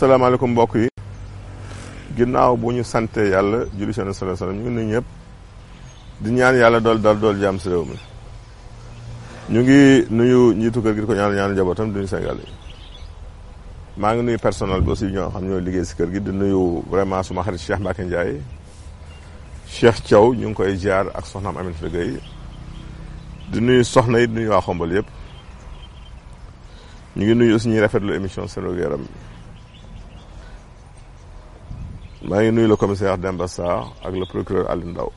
salaamaaleykum mbokk yi ginnaaw bu ñu sante yàlla julli seen sala salaam ñu ngi nuyu ñëpp di ñaan yàlla dool dal dool jàmm si réew mi ñu ngi nuyu njiitu kër gi di ko ñaan ñaanu njabootam di nuyu Sénégal yi maa ngi nuyu personnel bi aussi ñoo xam ñoo liggéey si kër gi di nuyu vraiment suma xarit Cheikh Mbacke Ndiaye Cheikh Thiaw ñu ngi koy ziar ak soxnaam Amine Fregay yi di nuyu soxna yi di nuyu waa Xombal yëpp ñu ngi nuyu aussi ñuy rafetlu émission seen wér-gu-yaram maa ngi nuyu le commissaire Demba Sarr ak le procureur Alioune Ndao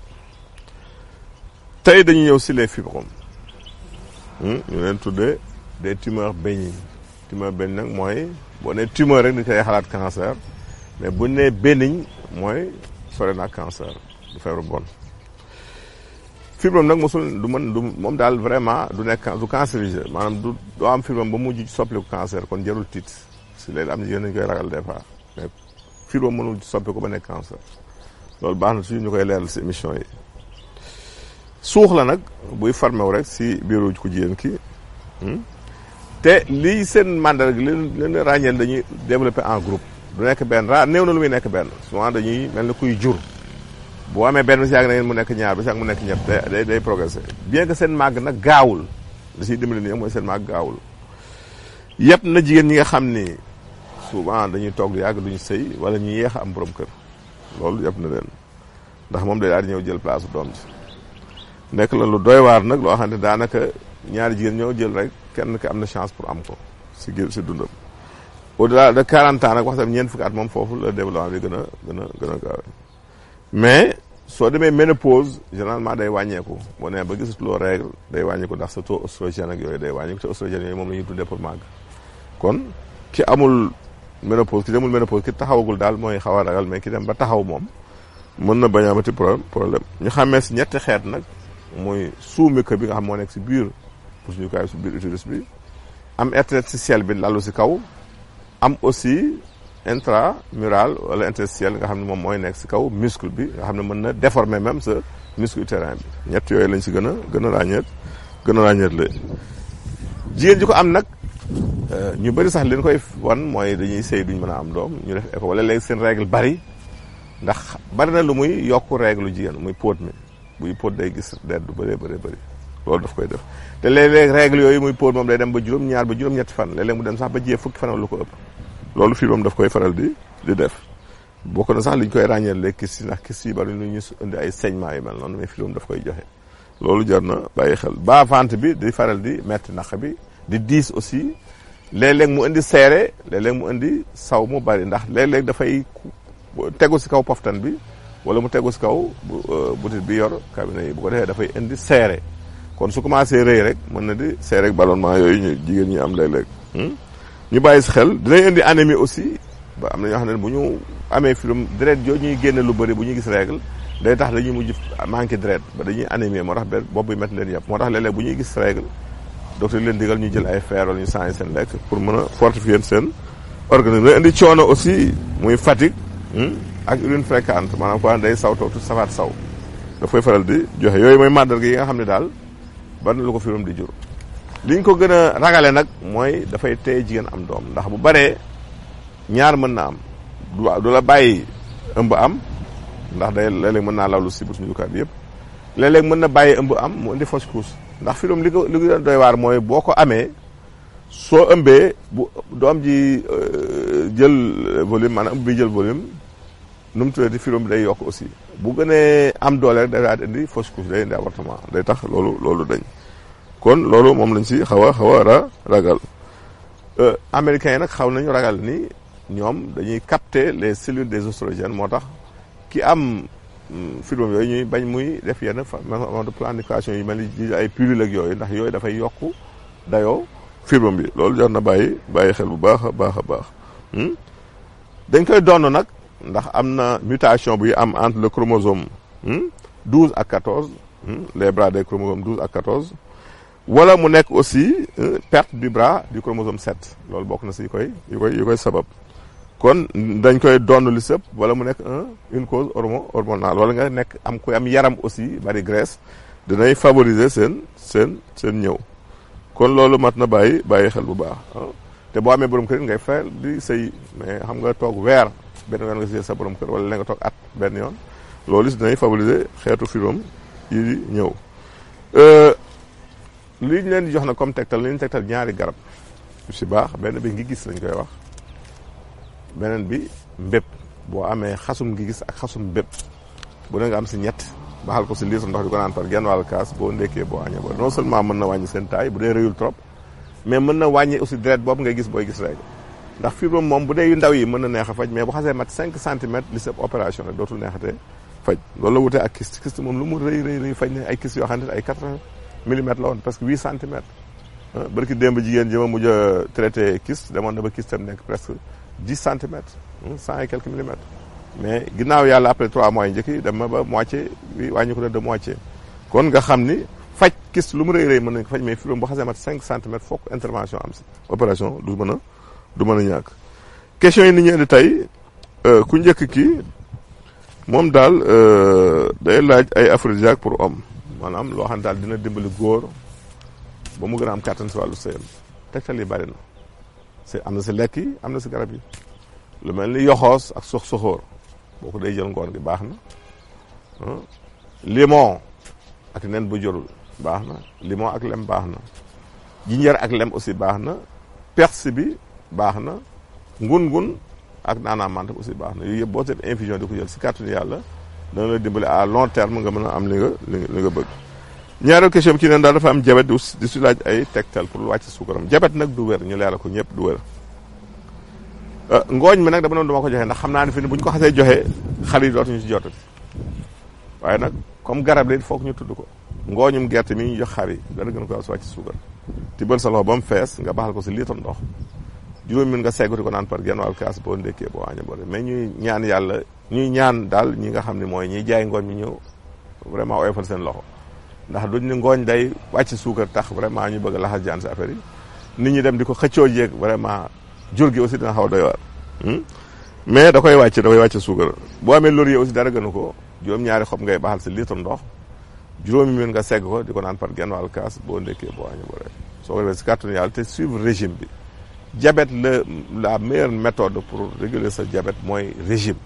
tey dañu ñëw si les fibromes hmm? ñu leen tuddee des tumeurs bénignes tumeur bénigne nag mooy boo nee tumeur rek dañ koy xalaat cancer mais bu nee bénigne mooy sore naa cancer du feebar bon fibrome nag mosul du mën du moom daal vraiment du nekk du cancérisé maanaam du doo am fibrome ba mujj soppaliku cancer kon jarul tiit si léegi am na yenn ñu koy ragal des mais fibrome mënul soppi ko ba nekk cancer loolu baax na suñu ñu koy leeral si émission yi suux la nag buy farmew rek si biiru ku jigéen ki hmm? te lii seen mandarga leen leen ràññeel dañuy développé en groupe du nekk benn ra néew na lu muy nekk benn souvent dañuy mel ni kuy jur boo amee benn bis yàgg na ngeen mu nekk ñaar bis mu nekk ñett day day progressé bien que seen màgg nag gaawul da siy dimbali nii mooy seen màgg gaawul yëpp na jigéen ñi nga xam ni souvent ah, dañuy toog lu yàgg duñu sëy wala ñu yéex am borom kër loolu yëpp na leen ndax moom day daal ñëw jël place doom ji nekk la lu doy waar nag loo xam ne daanaka ñaari jigéen ñoo jël rek kenn ki am na chance pour am ko si si dundam. au delà de 40 ans nag wax tam ñeent fukki at moom foofu la développement bi gën a gën gën a gaawe mais soo demee ménopause généralement day wàññeeku boo nee ba gisatuloo règle day wàññeeku ndax sa taux oestrogène ak yooyu day wàññeeku te oestrogène yooyu moom la ñuy tuddee pour màgg kon ki amul ménopause ki demul ménopause ki taxawagul daal mooy xaw a ki dem ba taxaw moom mën na bañ a amati problème ñu xàmmee si ñetti xeet nag mooy sous-muqueux bi nga xam moo nekk si biir pousse-muqueux si biir utérus bi am interstitiel bi lalu si kaw am aussi intramural wala interstitiel nga xam ne moom mooy nekk si kaw muscle bi nga xam ne mën na déformer même sa muscle terrain bi ñett yooyu lañ si gën a gën a ràññeet gën a ràññeet la jigéen ji ko am nag Euh, ñu bari sax leen koy wan mooy dañuy sëy duñ mën a am doom ñu def écho wala léegi seen règle bari ndax bari na lu muy yokk règle jigéen muy pot mi buy pot day gis der du bëree bëree bëri loolu daf koy def te léeg-léeg règle yooyu muy póot moom day dem ba juróom-ñaar ba juróom-ñetti fan léeg-léeg mu dem sax ba jiyee fukki fan lu ko ëpp loolu fii moom daf koy faral di di def bokk na sax liñ koy ràññee léegi kis yi ndax kis yi bari lu ñu indi ay saignement yu mel noonu mais fii moom daf koy joxe loolu jar na bàyyi xel ba vente bi di faral di metti naq bi di diis aussi léeg-léeg mu indi seere léeg-léeg mu indi saw mu bari ndax léeg-léeg dafay tegu si kaw poftan bi wala mu tegu si kaw butit euh, bi yor cabinet yi bu ko defee dafay indi seere kon su commencé rëy rek mën na di seere ak ballonnement yooyu ñu jigéen ñi am léeg-léeg hmm? ñu bàyyi si xel dinañ indi anémie aussi ba am na ñoo xam ne bu ñu amee film deret joo ñuy génne lu bari bu ñuy gis règle day tax dañuy mujj manqué deret ba dañuy anémie moo tax benn bopp bi métti leen yàpp moo tax léeg bu ñuy gis règle docteur leen digal ñu jël ay fer wala ñu sañ seen lekk pour mën a fortifier seen organisme day indi coono aussi muy fatigue hmm, ak urine fréquente maanaam quoi day saw tawtu safaat saw daf koy faral di joxe yooyu mooy màndarga yi nga xam ne daal ban lu ko firum di jur liñ ko gën a ragale nag mooy dafay teye jigéen am doom ndax bu baree ñaar mën na am du la bàyyi ëmb am ndax day léeg-léeg mën naa lawlu si bu suñu dukaat yëpp léeg-léeg mën na bàyyi ëmb am mu indi fausse couche ndax film li ko li ko doy waar mooy boo ko amee soo ëmbee bu doom ji euh, jël volume maanaam ëmb bi jël volume nu mu tuddati film bi day yokk aussi bu gënee am doole rek dafa indi fausse couche day indi avortement day tax loolu loolu dañ kon loolu moom lañ si xaw a xaw a ra ragal euh, américains nag xaw nañu ragal ni ñoom dañuy capter les cellules des oestrogènes moo tax ki am film yooyu ñuy bañ muy def yenn forme de planification yi mel ni ay pilule ak yooyu ndax yooyu dafay yokku dayoo film bi loolu jar na bàyyi bàyyi xel bu baax a baax a baax hmm? dañ koy doon nag ndax am na mutation bu am entre le chromosome 12 hmm, ak 14 hmm, les bras des chromosomes 12 ak 14 wala mu nekk aussi euh, perte du bras du chromosome 7 loolu bokk na si koy yu koy yu koy sabab kon dañ koy donn lu sëpp wala mu nekk un une cause hormo hormonale wala nga nekk am ku am yaram aussi bari graisse danay favoriser seen seen seen ñëw kon loolu mat na bàyyi bàyyi xel bu baax ah. te boo amee borom kër ngay fayal di sëy mais xam nga toog weer benn yoon nga sa borom wala la nga toog at benn yoon loolu si danay favoriser xeetu firoom yi di ñëw euh, li leen di jox na comme tegtal li ñu tegtal ñaari garab yu si baax benn bi ngi gis lañ koy wax beneen bi mbépp boo amee xasum gi gis ak xasum mbépp bu ne nga am si ñett baxal ko si liir ndox di ko naan par genwal kaas boo ndékkee boo añee boo non seulement mën na wàññi seen taay bu dee rëyul trop mais mën na wàññi aussi deret boobu ngay gis booy gis rek ndax fibrome moom bu dee yu ndaw yi mën na neex a faj mais bu xasee mat 5 cm li sëb opération rek dootul neexatee faj loolu la wutee ak kist kist moom lu mu rëy rëy rëy faj ne ay kist yoo xam ne ay 80 mm la woon parce que 8 cm barki démb jigéen ji ma mujj a traité kist demoon na ba kistam nekk presque 10 cm, 100 et quelques millimètres mais ginnaaw yàlla après 3 mois njëkk ba moitié bi ko de moitié kon nga xam ni kis lu mu rëy rëy mën nañ bu xasee centimètres intervention am si opération du a du mën a question yi ni ñu indi tey euh, ku njëkk kii moom daal euh, day laaj pour homme maanaam loo dina ba a am si wàllu sëyam si am na si lekk yi am na si garab yi lu mel ni yoxoos ak sox soxoor boo ko day jël ngoon gi baax na limon ak nen bu jorul baax na limon ak lem baax na jinjar ak lem aussi baax na perse bi baax na ngun-ngun ak naanaa mante aussi baax na yooyu yëpp boo seet infusion di ko jël si kàttanu yàlla dana la dimbali à long terme nga mën a am li nga li nga bëgg ñaareel question bi ci neen daal dafa am jabet di su laaj ay tegtal pour wàcc suukaram jabet nag du wér ñu leeral ko ñëpp du wér euh, ngooñ mi nag dama noon duma ko joxe ndax xam naa ne fi ne bu ñu ko xasee joxe xale yi dootuñu ci jotati waaye nag comme garab la il ñu tudd ko ngooñum gerte mi ñu jox xar yi dana gën ko aw si wàcc suukar tibbal sa loxo ba mu fees nga baxal ko si litre ndox juróomi min nga seggati ko naan par genn wàllu kaas boo ndékkee boo aña boo mais ñaan yàlla ñuy ñaan daal ñi nga xam ne mooy ñiy jaay ngooñ mi ñëw vraiment oyofal seen loxo ndax duñ ne ngooñ day wàcc suukar tax vraiment ñu bëgg laxas jaan si affaire yi nit ñi dem di ko xëccoo jéeg vraiment jur gi aussi dana xaw doy waar hmm? mais da koy wàcc da koy wàcc suukar boo amee laurier aussi dara gënu ko juróom-ñaari xob ngay baxal si litre ndox juróomi minute nga segg ko di ko naan par genn wàllu kaas boo ndekkee boo añu bore soo ko defee si kàttanu yàlla te suivre régime bi jabet la la meilleure méthode pour réguler sa jabet mooy régime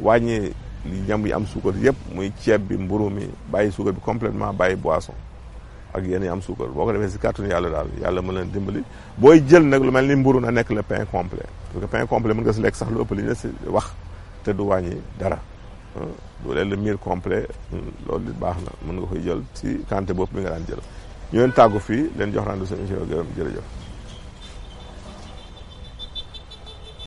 wàññi li ñam yi am sukar yépp muy ceeb bi mburu mi bàyyi suukar bi complètement bàyyi boisson ak yenn am sukar boo ko defee si kàttanu yàlla daal yàlla mën leen dimbali booy jël nag lu mel ni mburu na nekk le pain complet parce que pain complet mën nga si lekk sax lu ëpp li si wax te du wàññi dara du leen le mille complet loolu baax na mën nga koy jël si quantité bopp bi nga daan jël ñu leen tàggu fii leen jox rendez vous émission gërëm jërëjëf